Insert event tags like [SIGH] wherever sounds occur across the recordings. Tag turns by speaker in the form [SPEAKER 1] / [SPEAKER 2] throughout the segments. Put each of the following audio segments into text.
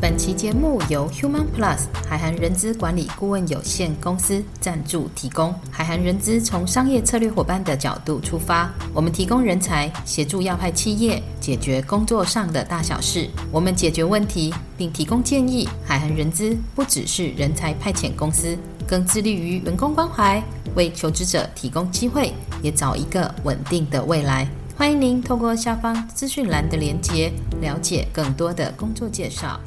[SPEAKER 1] 本期節目由 Human Plus 海涵人資管理顧問有限公司贊助提供。海涵人資從商業策略夥伴的角度出發，我們提供人才協助要派企業解決工作上的大小事。我們解決問題並提供建議。海涵人資不只是人才派遣公司，更致力於員工關懷，為求職者提供機會，也找一個穩定的未來。歡迎您透過下方資訊欄的連結，了解更多的工作介紹。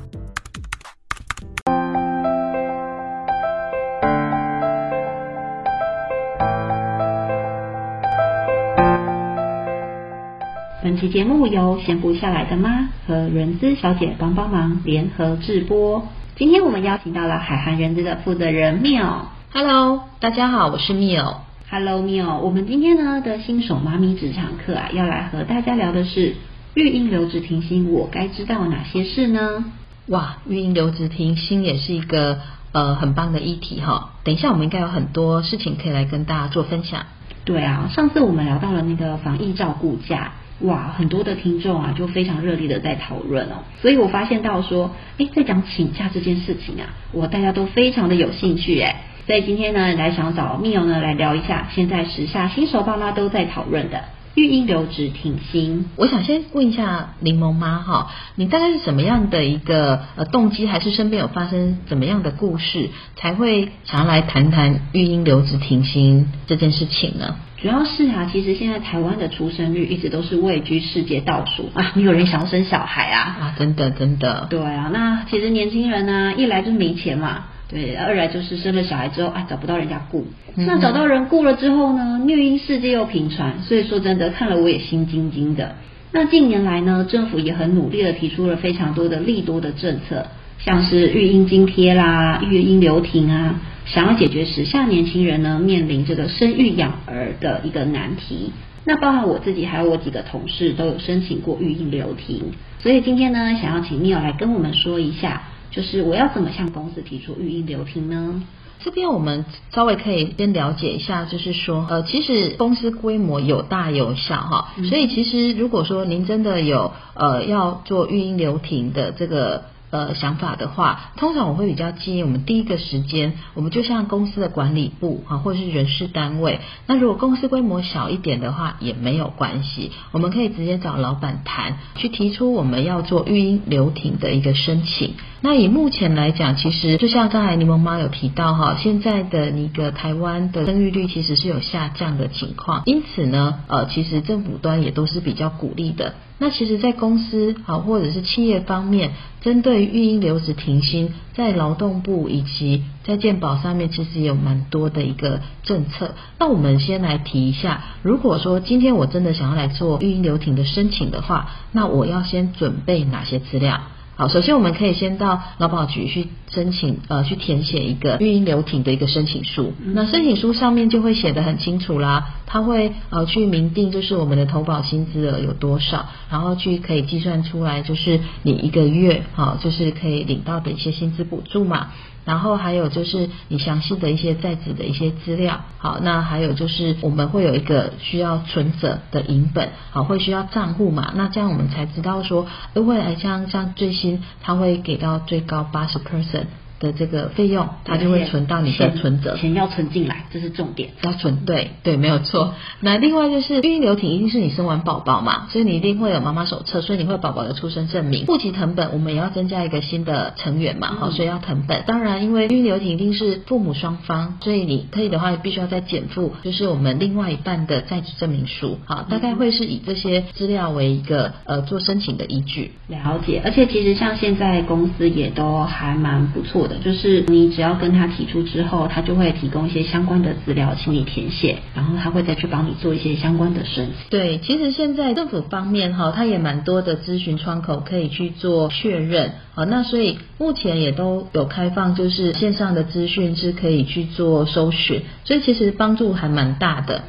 [SPEAKER 1] 節目由閒不下來的媽和人資小姐幫幫忙聯合制播。今天我們邀請到了海涵人資的負責人妙。Hello，大家好，我是妙。Hello，妙。我們今天的呢的新手媽咪職場課啊，要來和大家聊的是育嬰留職停薪，我該知道哪些事呢？哇，育嬰留職停薪也是一個呃很棒的議題哈、哦。等一下我們應該有很多事情可以來跟大家做分享。對啊，上次我們聊到了那個防疫照顧假。哇，很多的聽眾啊，就非常熱烈的在討論哦，所以我發現到說，哎，在講請假這件事情啊，哇，大家都非常的有興趣哎，所以今天呢，來想找密友呢來聊一下，現在時下新手爸媽都在討論的。育嬰留職停薪，我想先問一下檸檬媽哈，你大概是什麼樣的一個呃動機，還是身邊有發生怎麼樣的故事，才會想要來談談育嬰留職停薪這件事情呢？主要是啊，其實現在台灣的出生率一直都是位居世界倒數啊，沒有人想要生小孩啊啊，真的真的，對啊，那其實年輕人呢，啊，一來就沒錢嘛。對，二來就是生了小孩之後啊，找不到人家顧，嗯。那找到人顧了之後呢，虐嬰事件又頻傳，所以說真的看了我也心驚驚的。那近年來呢，政府也很努力的提出了非常多的利多的政策，像是育嬰津貼啦、育嬰留停啊，想要解決時下年輕人呢面臨這個生育養兒的一個難題。那包含我自己還有我幾個同事都有申請過育嬰留停，所以今天呢，想要請 Neil 來跟我們說一下。就是我要怎麼向公司提出育嬰留停呢？這邊我們稍微可以先了解一下，就是說，呃，其實公司規模有大有小哈、嗯，所以其實如果說您真的有呃要做育嬰留停的這個。呃，想法的話，通常我會比較建議我們第一個時間，我們就像公司的管理部啊，或者是人事單位。那如果公司規模小一點的話，也沒有關係，我們可以直接找老闆談，去提出我們要做育嬰留停的一個申請。那以目前來講，其實就像剛才檸檬媽有提到哈，現在的一個台灣的生育率其實是有下降的情況，因此呢，呃，其實政府端也都是比較鼓勵的。那其實，在公司啊，或者是企業方面，針對育嬰留職停薪，在勞動部以及在健保上面，其實也有蠻多的一個政策。那我們先來提一下，如果說今天我真的想要來做育嬰留停的申請的話，那我要先準備哪些資料？好，首先我們可以先到勞保局去申請，呃，去填寫一個育嬰留停的一個申請書。那申請書上面就會寫得很清楚啦，他會呃去明定就是我們的投保薪資額有多少，然後去可以計算出來就是你一個月，好、哦，就是可以領到的一些薪資補助嘛。然後還有就是你詳細的一些在職的一些資料，好，那還有就是我們會有一個需要存折的影本，好，會需要賬戶嘛，那這樣我們才知道說，呃，未來像像最新它會給到最高八十 percent。的這個費用，它就會存到你的存折。錢要存進來，這是重點。要存對，對，沒有錯。那另外就是育留停，一定是你生完寶寶嘛，所以你一定會有媽媽手冊，所以你會有寶寶的出生證明、戶籍謄本，我們也要增加一個新的成員嘛，好、哦哦，所以要謄本。當然，因為育留停一定是父母雙方，所以你可以的話，必須要再檢附，就是我們另外一半的在職證明書，好，大概會是以這些資料為一個呃做申請的依據。了解，而且其實像現在公司也都還蠻不錯的。就是你只要跟他提出之後，他就會提供一些相關的資料，請你填寫，然後他會再去幫你做一些相關的申請。對，其實現在政府方面哈，他也蠻多的諮詢窗口可以去做確認。好，那所以目前也都有開放，就是線上的資訊是可以去做搜尋，所以其實幫助還蠻大的。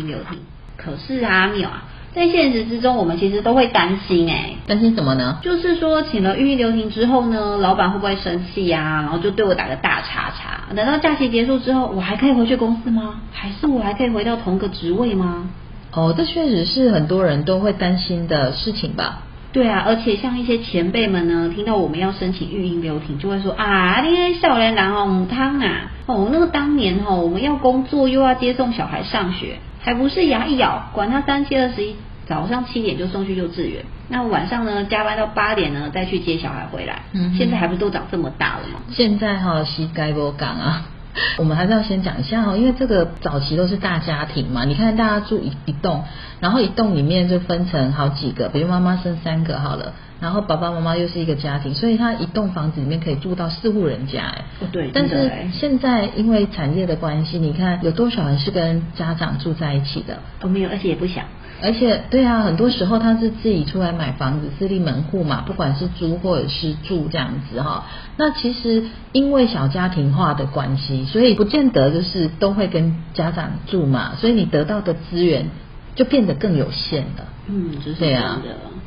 [SPEAKER 1] 留停，可是啊，阿妙啊，在現實之中，我們其實都會擔心哎、欸，擔心什麼呢？就是說，請了育嬰留停之後呢，老板會不會生氣呀、啊？然後就對我打個大叉叉。等到假期結束之後，我還可以回去公司嗎？還是我還可以回到同個職位嗎？哦，這確實是很多人都會擔心的事情吧？對啊，而且像一些前輩們呢，聽到我們要申請育嬰留停，就會說啊，你這少年人哦，唔啊。哦，那個當年哈、哦，我們要工作又要接送小孩上學，還不是牙一咬，管他三七二十一，早上七點就送去幼稚園，那晚上呢，加班到八點呢，再去接小孩回來，現在還不是都長這麼大了嗎？嗯、現在哈、哦，西蓋都剛啊，我們還是要先講一下哦，因為這個早期都是大家庭嘛，你看大家住一一棟，然後一棟裡面就分成好幾個，比如媽媽生三個好了。然後爸爸媽媽又是一個家庭，所以他一棟房子裡面可以住到四戶人家，哎，對，但是現在因為產業的關係，你看有多少人是跟家長住在一起的？哦，沒有，而且也不小。而且，對啊，很多時候他是自己出來買房子，自立門戶嘛，不管是租或者是住這樣子哈、哦。那其實因為小家庭化的關係，所以不見得就是都會跟家長住嘛，所以你得到的資源。就變得更有限了，嗯，是這樣的，對啊。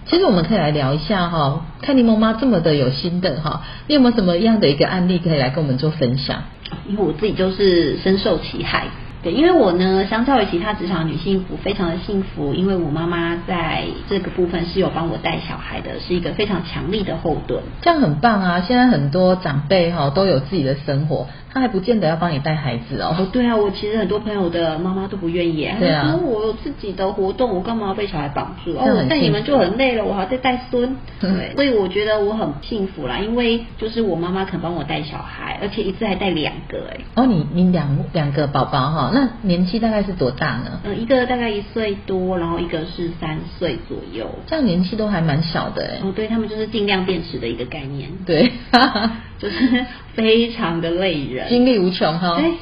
[SPEAKER 1] 其實我們可以來聊一下哈，看檸檬媽這麼的有心的。哈，你有沒有什麼樣的一個案例可以來跟我們做分享？因為我自己就是深受其害，對，因為我呢，相較於其他職場女性，我非常的幸福，因為我媽媽在這個部分是有幫我帶小孩的，是一個非常強力的後盾。這樣很棒啊！現在很多長輩哈都有自己的生活。他還不見得要幫你帶孩子哦，哦。對啊，我其實很多朋友的媽媽都不願意，對啊、嗯、我有自己的活動，我幹嘛要被小孩綁住？哦，我帶你們就很累了，我還要再帶孫。對， [LAUGHS] 所以我覺得我很幸福啦，因為就是我媽媽肯幫我帶小孩，而且一次還帶兩個哎。哦，你你兩兩個寶寶哈、哦，那年紀大概是多大呢？嗯，一個大概一歲多，然後一個是三歲左右。這樣年紀都還蠻小的哎。哦，對，他們就是盡量辨識的一個概念。對， [LAUGHS] 就是。非常的累人，精力無窮哈、哦。哎。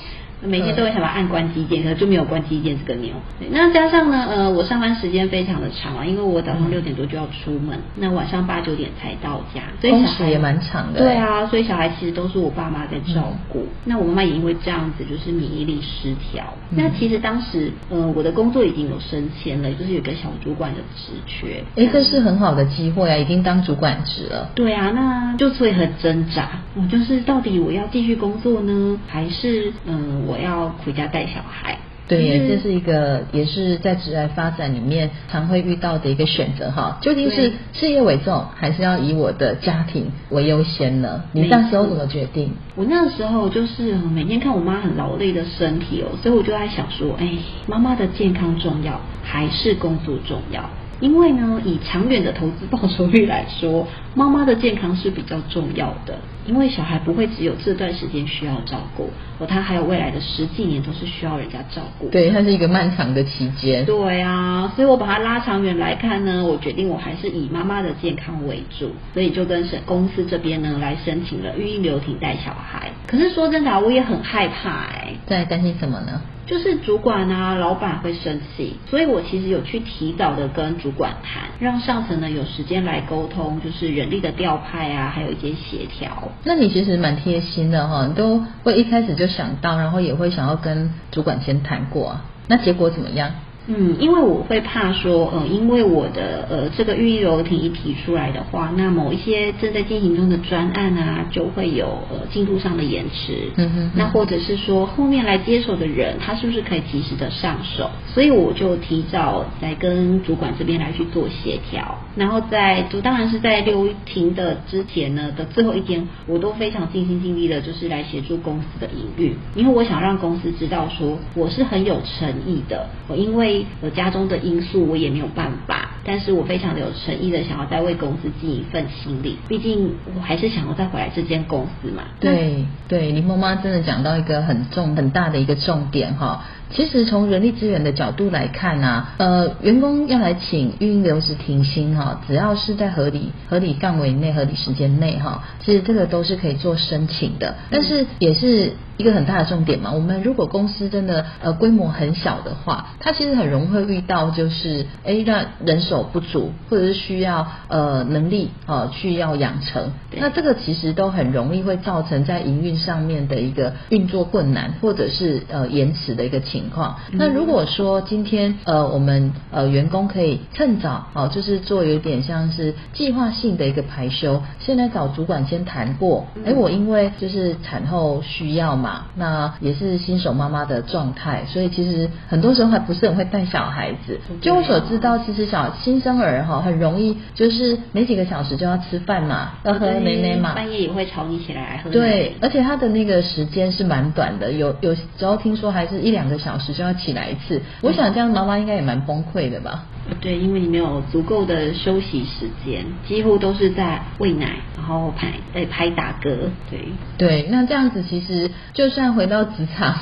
[SPEAKER 1] 每天都會想要按關機鍵，可是就沒有關機鍵這個鈕。那加上呢，呃，我上班時間非常的長啊，因為我早上六點多就要出門，嗯、那晚上八九點才到家，所以小孩也蠻長的。對啊，所以小孩其實都是我爸媽在照顧、嗯。那我媽媽也因為這樣子，就是免疫力失調。嗯、那其實當時，呃我的工作已經有升遷了，就是有個小主管的職缺。哎，這是很好的機會啊，已經當主管職了。對啊，那就是會很掙扎，我就是到底我要繼續工作呢，還是嗯、呃、我。我要回家帶小孩，對，這是一個也是在職業發展裡面常會遇到的一個選擇哈。究竟是事業為重，還是要以我的家庭為優先呢？你那時候怎麼決定？我那時候就是每天看我媽很勞累的身體哦，所以我就在想說，哎，媽媽的健康重要還是工作重要？因為呢，以長遠的投資報酬率來說，媽媽的健康是比較重要的。因為小孩不會只有這段時間需要照顧，而他還有未來的十幾年都是需要人家照顧。對，他是一個漫長的期間。對啊，所以我把它拉長遠來看呢，我決定我還是以媽媽的健康為主，所以就跟省公司這邊呢來申請了育嬰留停帶小孩。可是說真的、啊，我也很害怕哎、欸。在擔心什麼呢？就是主管啊，老闆會生氣，所以我其實有去提早的跟主管談，讓上層呢有時間來溝通，就是人力的調派啊，還有一些協調。那你其實蠻貼心的哈、哦，你都會一開始就想到，然後也會想要跟主管先談過啊，那結果怎麼樣？嗯，因為我會怕說，呃，因為我的呃這個預預流體一提出來的話，那某一些正在進行中的專案啊，就會有呃進度上的延遲。嗯哼，那或者是說後面來接手的人，他是不是可以及時的上手？所以我就提早來跟主管這邊來去做協調。然後在就當然是在留停的之前呢的最後一天，我都非常盡心盡力的，就是來協助公司的營運，因為我想讓公司知道說我是很有誠意的。我因為我家中的因素，我也沒有辦法，但是我非常的有誠意的想要再為公司盡一份心力，畢竟我還是想要再回來這間公司嘛。對對，林媽媽真的講到一個很重很大的一個重點哈。其實從人力資源的角度來看啊，呃，員工要來請育嬰留職停薪哈、喔，只要是在合理、合理範圍內、合理時間內哈，其實這個都是可以做申請的，但是也是。一個很大的重點嘛，我們如果公司真的呃規模很小的話，它其實很容易會遇到就是哎，那人手不足，或者是需要呃能力呃需要養成，那這個其實都很容易會造成在營運上面的一個運作困難或者是呃延遲的一個情況。那如果說今天呃我們呃，呃，呃員工可以趁早哦、呃，就是做有點像是計劃性的一個排休，先來找主管先談過，哎我因為就是產後需要嘛。嘛，那也是新手媽媽的狀態，所以其實很多時候還不是很會帶小孩子。據、嗯啊、我所知道，其實小新生兒哈很容易，就是沒幾個小時就要吃飯嘛，要喝奶奶嘛，半夜也會吵你起來，來喝奶奶。對，而且他的那個時間是蠻短的，有有，有時候聽說還是一兩個小時就要起來一次。我想這樣媽媽應該也蠻崩潰的吧。對，因為你沒有足夠的休息時間，幾乎都是在餵奶，然後拍拍打嗝，對對。那這樣子其實就算回到職場，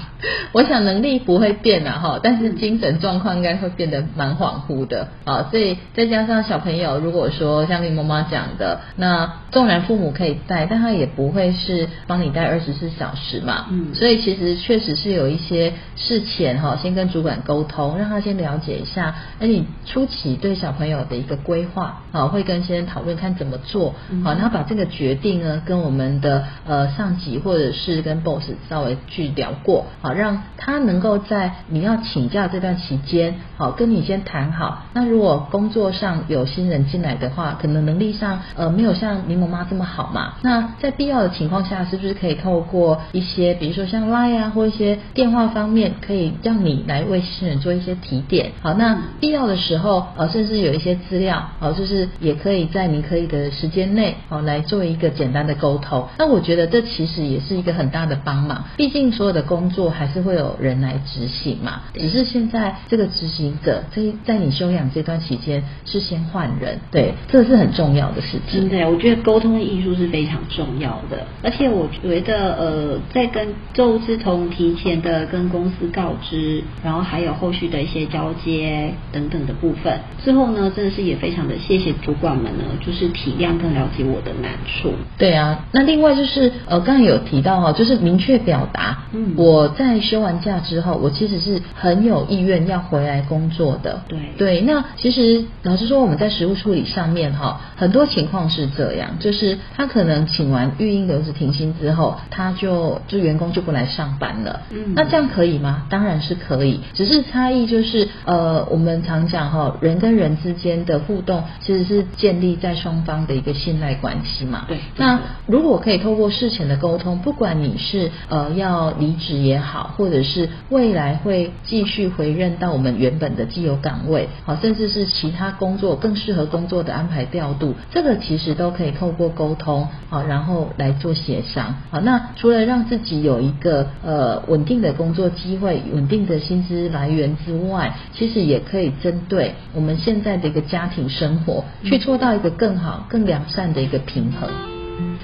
[SPEAKER 1] 我想能力不會變啊哈，但是精神狀況應該會變得蠻恍惚的啊。所以再加上小朋友，如果說像林媽媽講的，那縱然父母可以帶，但他也不會是幫你帶二十四小時嘛，嗯。所以其實確實是有一些事前哈，先跟主管溝通，讓他先了解一下，哎你。初期對小朋友的一個規劃，好，會跟先生討論看怎麼做，好，然後把這個決定呢跟我們的呃上級或者是跟 boss 稍微去聊過，好，讓他能夠在你要請假這段期間，好，跟你先談好。那如果工作上有新人進來的話，可能能力上呃沒有像檸檬媽這麼好嘛，那在必要的情況下，是不是可以透過一些比如說像 LINE 啊或一些電話方面，可以讓你來為新人做一些提點，好，那必要的時候。嗯然後甚至有一些資料，就是也可以在你可以的時間內，哦，來做一個簡單的溝通。那我覺得這其實也是一個很大的幫忙。畢竟所有的工作還是會有人來執行嘛，只是現在這個執行者在在你休養這段期間是先換人。對，這是很重要的事情。嗯、對，我覺得溝通的藝術是非常重要的。而且我覺得呃，在跟周志同提前的跟公司告知，然後還有後續的一些交接等等的部分。部分最後呢，真的是也非常的謝謝主管們呢，就是體諒跟了解我的難處。對啊，那另外就是呃，剛才有提到哈、哦，就是明確表達，嗯，我在休完假之後，我其實是很有意願要回來工作的。對對，那其實老實說，我們在實務處理上面哈、哦，很多情況是這樣，就是他可能請完育嬰留職停薪之後，他就就員工就不來上班了。嗯，那這樣可以嗎？當然是可以，只是差異就是呃，我們常講哈。哦哦，人跟人之間的互動其實是建立在雙方的一個信賴關係嘛，對對。對，那如果可以透過事前的溝通，不管你是呃要離職也好，或者是未來會繼續回任到我們原本的既有崗位，好，甚至是其他工作更適合工作的安排調度，這個其實都可以透過溝通好，然後來做協商。好，那除了讓自己有一個呃穩定的工作機會、穩定的薪資來源之外，其實也可以針對。我們現在的一個家庭生活，去做到一個更好、更良善的一個平衡，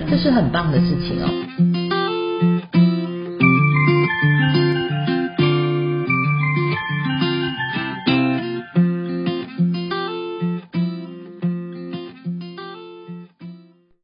[SPEAKER 1] 這是很棒的事情哦。